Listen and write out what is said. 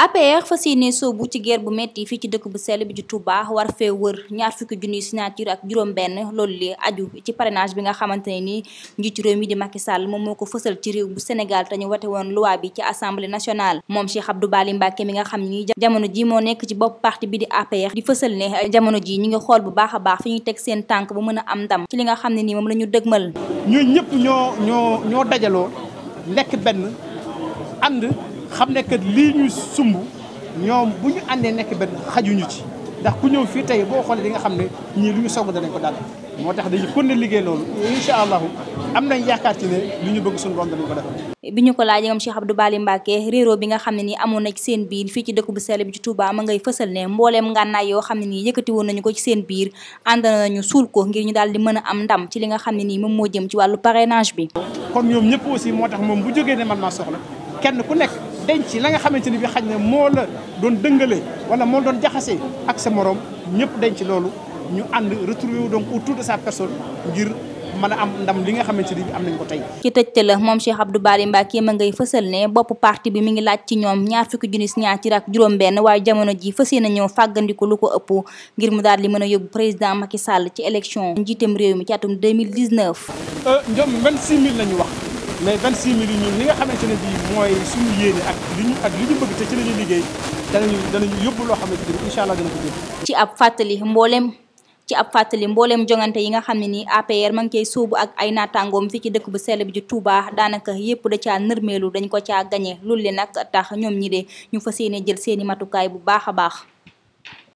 APR fas yéene soobu ci geer bu metti fii ci dëkk bu sell bi ci Touba war fee wër ñaar fukki junniy signature ak juróom-benn loolu li aju ci parrainage bi nga xamante ne nii njiitu réew mi di Macky Sall moom moo ko fësal ci réew bu Sénégal te ñu wate woon loi bi ci assemblée nationale moom Cheikh Abdou Bali Mbacké mi nga xam ni jamono ji moo nekk ci bopp parti bi ne jamono ji ñu ngi xool bu baax a baax fi ñuy teg seen tànk ba mën a am ndam ci li nga xam ne nii moom la ñu dëgmal. ñun ñëpp ñoo ñoo ñoo dajaloo nekk xam ne kat lii ñu sumb ñoom bu ñu àndee nekk benn xajuñu ci ndax ku ñëw fii tey boo xoolee di nga xam ne ñii lu ñu song danañ moo tax dañu kon ne liggéey loolu incha am nañ yaakaar ci ne li ñu bëgg ko def bi ñu ko laajee moom Cheikh Abdou Bali bi nga xam ne nii amoon na ci seen fii ci dëkk bu sell bi ci Touba ma ngay fësal ne mbooleem ngànnaay yoo xam ne nii yëkkati woon nañu ko ci seen biir ànd nañu suul ko ngir ñu daal di mën a am ndam ci li nga xam ne nii moom moo jëm ci wàllu parrainage bi kon ñoom ñëpp aussi moo tax moom bu jógee ne man maa soxla kenn ku nekk denc la nga xamante ni bi xaj na moo la doon dëngale wala moo doon jaxase ak sa morom ñëpp denc loolu ñu ànd retrouver wu donc autour de sa personne ngir mën a am ndam li nga xamante ni bi am nañ ko tey ci tëjte la moom Cheikh Abdou Bari Mbacké ma ngay fësal ne bopp parti bi mi ngi laaj ci ñoom ñaar fukki junni si ñaar ci rak juróom benn waaye jamono ji fas yéene ñëw fàggandiku lu ko ëpp ngir mu daal di mën a yóbbu président Macky Sall ci élection njiitam réew mi ci atum 2019 euh, ñoom 26000 la ñu wax mais 26 mille yi ñun li nga xamante ne bii mooy suñu yéene ak li ñu bëgg te ci la ñuy liggéey danañu danañu yóbbu loo xamante ne incha ci ab fàttali mboolem ci ab fàttali mboolem jongante yi nga xam ne ni APR ma ngi koy suubu ak ay naataangoom fii ci dëkk bu sell bi ji Touba daanaka yëpp da caa nërmeelu dañ ko caa gañe loolu le nag tax ñoom ñi de ñu fa yéene jël seeni matukaay bu baax a baax.